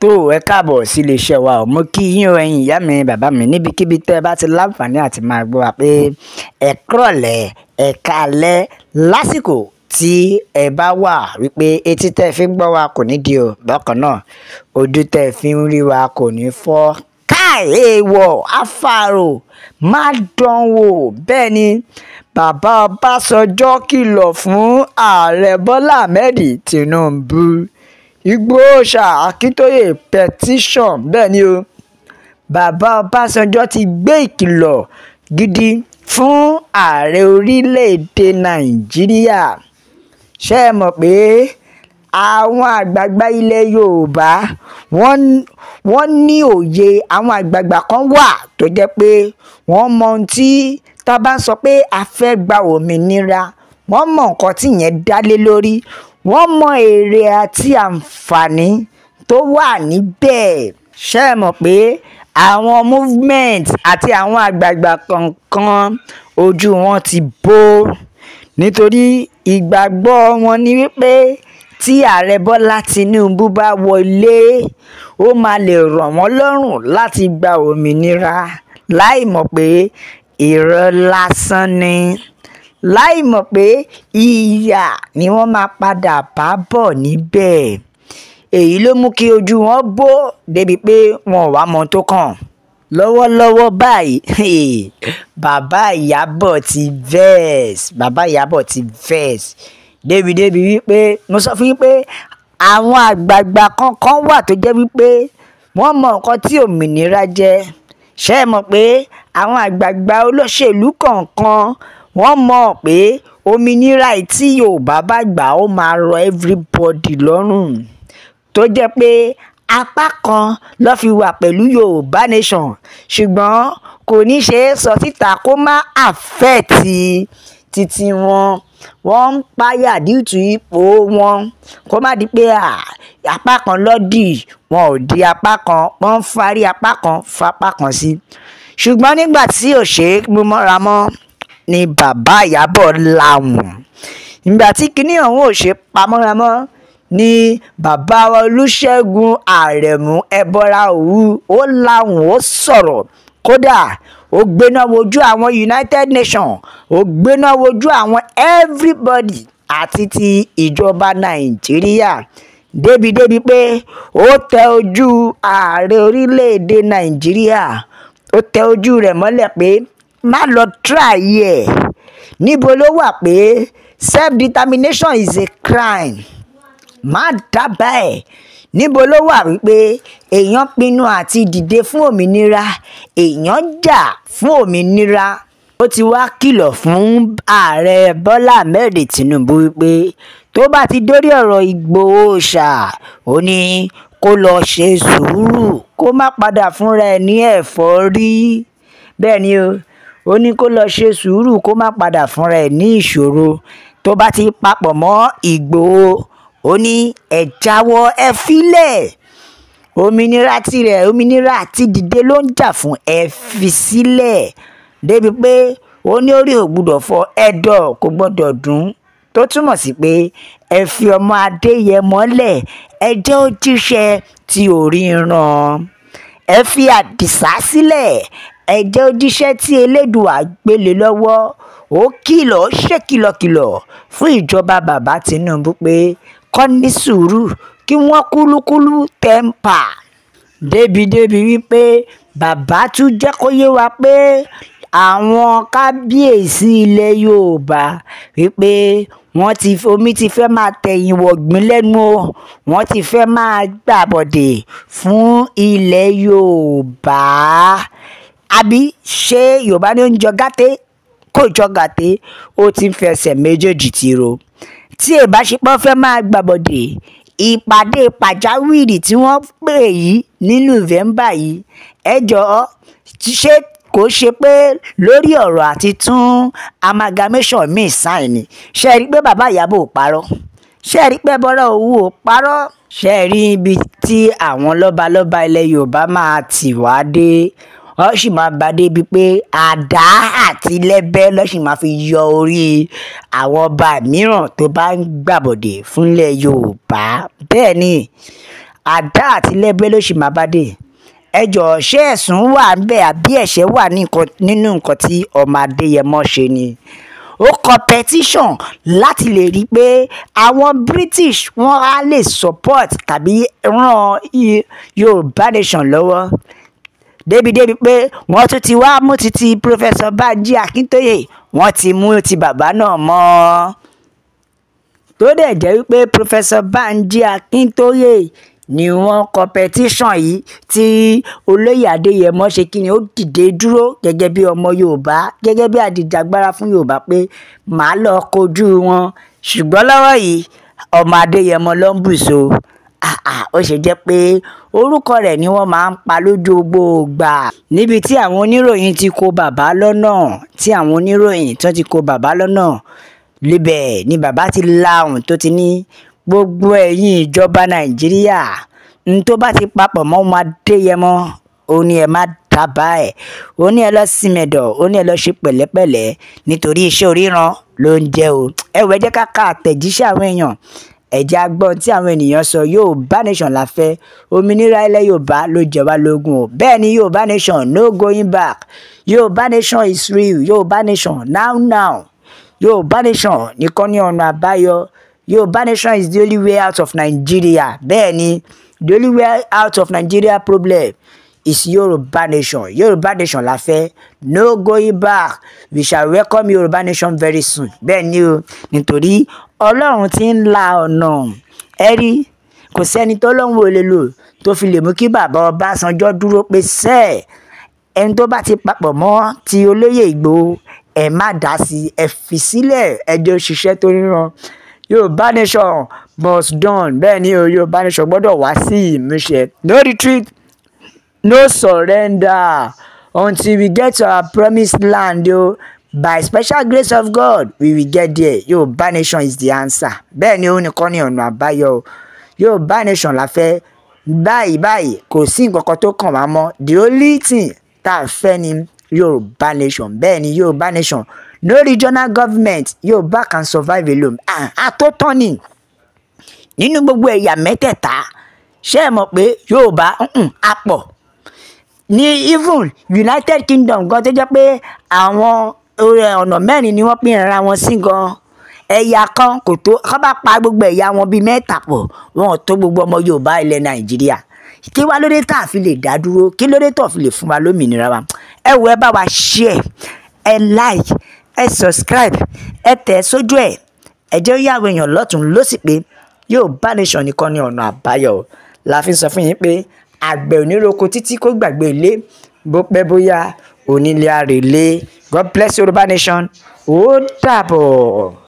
tó ẹ káàbọ̀ sí iléeṣẹ́ wa ò mú kí yín o ẹ̀yin ìyá mi bàbá mi níbikíbi tẹ́ ẹ bá ti láǹfààní àti máa gbọ́ wa pé ẹ kúrọ̀lẹ́ lásìkò tí ẹ bá wà wípé etí tẹ́ ẹ fi gbọ́ wa kò ní di o bákan náà ojú tẹ́ ẹ fi ń rí wa kò ní fọ́ káàéwọ̀ afárò má dánwò bẹ́ẹ̀ ni bàbá Ọbásanjọ́ kìlọ̀ fún ààrẹ Bọ́lá Ahmed Tinubu igbóòṣà akíntóyè pẹtíṣọ̀n bẹ́ẹ̀ ni o bàbá ọbásanjọ́ ti gbé ìkìlọ̀ gidi fún ààrẹ orílẹ̀-èdè nàìjíríà ṣé ẹ mọ̀ pé àwọn àgbààgbà ilẹ̀ yorùbá wọ́n ní òye àwọn àgbààgbà kan wà tó jẹ́ pé wọ́n mọ ohun tí tá a bá sọ pé a fẹ́ gba òmìnira wọ́n mọ nǹkan tí yẹn dá lé lórí wọ́n mọ èrè àti àǹfààní tó wà níbẹ̀ ṣe é mọ̀ pé àwọn movement àti àwọn àgbààgbà kọ̀ọ̀kan ojú wọn ti bó nítorí ìgbàgbọ́ wọn ni wípé tí ààrẹ bọ́lá tinubu bá wọlé ó máa lè rọ̀ wọ́n lọ́rùn láti gba òmìnira láì mọ̀ pé irọ́ lásán ni láì mọ̀ pé ìyà ni wọ́n máa padà bá bọ̀ níbẹ̀ èyí ló mú kí ojú wọn bó débi pé wọn ò wá mọ tó kàn lọ́wọ́lọ́wọ́ báyìí bàbá ìyábọ̀ ti vex bàbá ìyábọ̀ ti vex débìdébì wípé mo sọ fún yín pé àwọn àgbààgbà kankan wà tó jẹ́ wípé wọ́n mọ nǹkan tí òmìnira jẹ́ ṣé ẹ mọ̀ pé àwọn àgbààgbà olóṣèlú kọ̀ọ̀kan wọ́n mọ̀ pé òmìnira yìí tí yorùbá bá gbà ó máa rọ everybody lọ́rùn tó jẹ́ pé apá kan ló fi wà pẹ̀lú yorùbá nation ṣùgbọ́n kò ní ṣe é sọ síta kó má àfẹ́ẹ̀tì títí wọn wọ́n ń páyà díìtù ipò wọn kó má di pé apá kan lọ́dì wọn ò di apá kan wọ́n ń farí apá kan fapá kan sí ṣùgbọ́n nígbà tí ò ṣe é mú mọ́ra mọ́ ni bàbá ìyàbọ̀ làwọ̀n ìgbà tí kinní ọ̀hún ò ṣe pamọ́ramọ́ ni bàbá wa olùṣègùn àrẹ̀mú ẹbọra òwú ó làwọ̀n ó sọ̀rọ̀ kódà ó gbéná wojú àwọn united nations ó gbéná wojú àwọn everybody àti ti ìjọba nàìjíríà débìdébì pé ó tẹ ojú ààrẹ orílẹ̀-èdè nàìjíríà ó tẹ ojú rẹ̀ mọ́lẹ̀ pé má lọ try ẹ̀ níbo ló wà pé self determination is a crime má dábàá ẹ̀ níbo ló wà wípé èèyàn pinnu àti dìde fún òmìnira èèyàn jà fún òmìnira ó ti wá kìlọ̀ fún ààrẹ bọ́lá ahmed tinubu wípé tó bá ti dórí ọ̀rọ̀ ìgbòho ṣá ó ní kó lọ ṣe sùúrù kó má padà fúnra ẹ̀ ní ẹ̀fọ́rí bẹ́ẹ̀ ni o ó ní kó lọ́ọ́ ṣe sùúrù kó má padà fúnra ẹ̀ ní ìṣòro tó bá ti papọ̀ mọ́ Ìgbòho ó ní ẹ̀ jáwọ́ ẹ filẹ̀ òmìnira tirẹ̀ òmìnira àti dìde ló ń jà fún ẹ fi sílẹ̀ débi pé ó ní orí ò gbúdọ̀ fọ ẹ̀dọ̀ kò gbọ́dọ̀ dùn tó túmọ̀ sí pé ẹ fi ọmọ Adéyẹmọ́lẹ̀ ẹ jẹ́ ó jíṣẹ́ tí ò ẹ fi Àdìsá sílẹ̀ ẹ̀jẹ̀ òjíṣẹ́ tí elédùà gbélé lọ́wọ́ ó kìlọ̀ ó ṣèkìlọ̀kìlọ̀ fún ìjọba bàbá Tinubu pé kó ní sùúrù kí wọ́n kúlúkúlú tẹ́ǹpà débìdébì wípé bàbá tún jẹ́ kó yé wa pé àwọn kábíyèsí ilẹ̀ Yorùbá wípé wọ́n ti omi ti fẹ́ máa tẹ̀yìn wọ̀gbìn lẹ́nu o wọ́n ti fẹ́ máa gbàbọ̀dè fún ilẹ̀ Yorùbá àbí ṣé yorùbá ní oúnjẹ gàté kò jọ gàté ó ti ń fẹsẹ̀ méjèèjì tiro tí ìbáṣepọ̀ fẹ́ máa gbàbọ̀dè ìpàdé pàjáwìrì tí wọ́n pè yìí ní nùfẹ́mbà yìí ẹ jọ̀ọ́ ṣé kò ṣe pé lórí ọ̀rọ̀ àti tún amalgamation míì sáì ni ṣe rí i pé bàbá ìyàbò ò parọ́ ṣe rí i pé bọ́lá owó ò parọ́ ṣe rí ibi tí àwọn lọ́balọ́ba ilẹ̀ yorùbá máa tì wá dé wọ́n sì máa bá débi pé àdá àti lẹ́bẹ̀ lọ́ sì máa fi yọ orí àwọn ọba mìíràn tó bá ń gbàbọ̀dẹ̀ fúnlẹ̀ Yorùbá bẹ́ẹ̀ ni àdá àti lẹ́bẹ̀ ló sì máa bá dé ẹjọ́ ṣé ẹ̀sùn wà ń bẹ̀ àbí ẹ̀ṣẹ̀ wà nínú nǹkan tí ọmọ Adéyẹmọ ṣe ni ó kọ petition láti lè rí i pé àwọn British wọ́n á lè support tàbí ran Yorùbá nation lọ́wọ́ débìdébì pé wọ́n tún ti wá mú ti ti pírọfẹ́sọ Banji Akíntóyè wọ́n ti mú ti bàbá náà mọ́ tó dẹ̀ jẹ́ wípé pírọfẹ́sọ Banji Akíntóyè ni wọ́n kọ yìí tí olóyè adéyẹmọ ṣe kí ni ó dìde dúró gẹ́gẹ́ bí ọmọ yorùbá gẹ́gẹ́ bí àdìjàgbára fún yorùbá pé màá lọ kojú wọn ṣùgbọ́n lọ́wọ́ yìí ọmọ adéyẹmọ ló ń bùṣọ ó ṣe jẹ́ pé orúkọ rẹ̀ ni wọ́n máa ń pa lójogbò gbà níbi tí àwọn oníròyìn ti kó bàbá lọ́nà tí àwọn oníròyìn tó ti kó bàbá lọ́nà libẹ̀ ni bàbá ti lahùn tó ti ní gbogbo ẹ̀yin ìjọba nàìjíríà n tó bá ti papọ̀ mọ́ ọmọ adéyẹmọ ó ní ẹ má dábàá ẹ̀ ó ní ẹ lọ símẹ̀dọ̀ ó ní ẹ lọ ṣe pẹ̀lẹ́pẹ̀lẹ́ nítorí iṣẹ́ oríran ló ń jẹ́ o ẹ wò ẹ àtẹ̀jíṣẹ́ àwọn èèyàn ẹ jẹ́ á gbọ́ ohun tí àwọn ènìyàn sọ yorùbá nation la fẹ́ òmìnira ilẹ̀ yorùbá ló jẹ lógún o bẹ́ẹ̀ ni yorùbá nation no going back yorùbá nation is real yorùbá nation now now yorùbá nation nìkan ní ọ̀nà àbáyọ yorùbá nation is the only way out of nigeria bẹ́ẹ̀ ni the only way out of nigeria problem is Yoruba nation. Yoruba nation la fẹ́. No going back. We shall welcome Yoruba nation very soon. Bẹ́ẹ̀ ni o, nítorí Ọlọ́run ti ń la ọ̀nà ẹ̀rí kò sẹ́ni tó lọ́hùn olè lò tó fi lè mú kí bàbá Ọbásanjọ́ dúró pé sẹ́ẹ̀ ẹni tó bá ti papọ̀ mọ́ ti olóyè Ìgbòho ẹ̀ má dá sí ẹ̀ fi sílẹ̀ ẹjọ́ ṣiṣẹ́ tó ríran Yorùbá nation must done bẹ́ẹ̀ ni Yorùbá nation gbọ́dọ̀ wá sí ìmúṣẹ no retreat no surrender until we get to our promised land o oh. by special grace of God we will get there Yorùbá nation is the answer bẹ́ẹ̀ ni òun nìkan ni ọ̀nà àbáyọ o Yorùbá nation la fẹ́ báyìí báyìí kò sí nǹkan kan tó kàn wá mọ́ the only thing tá a fẹ́ ni Yorùbá nation bẹ́ẹ̀ ni Yorùbá nation no regional government Yorùbá can survive alone àtọ́tọ́ ah, ni nínú gbogbo ẹ̀yà mẹ́tẹ̀ẹ̀ta ṣé ẹ mọ̀ pé Yorùbá àpọ̀ ní even united kingdom gan tó jẹ́ pé àwọn ọ̀nà mẹ́rin ni wọ́n pín ara wọn sí gan ẹ̀yà kan kò tó kán bá pa gbogbo ẹ̀yà wọn bíi mẹ́ta pọ̀ wọn ò tó gbogbo ọmọ yorùbá ilẹ̀ nàìjíríà kí wá lóde tá a fi lè dá dúró kí lóde tó fi lè fún wa lómìnira wa ẹ wo ẹ bá wa share ẹ like ẹ subscribe ẹ tẹ̀ sójú ẹ ẹ jẹ́ yàwó èèyàn lọ́tún lọ́sì pé Yorùbá Nation nìkan ni ọ̀nà àbáyọ la fi sọ fún yín pé àgbẹ̀ oníroko títí kó gbàgbé ilé bó pẹ́ bóyá onílé àrèlé God bless Yorùbá nation ó dàbọ̀.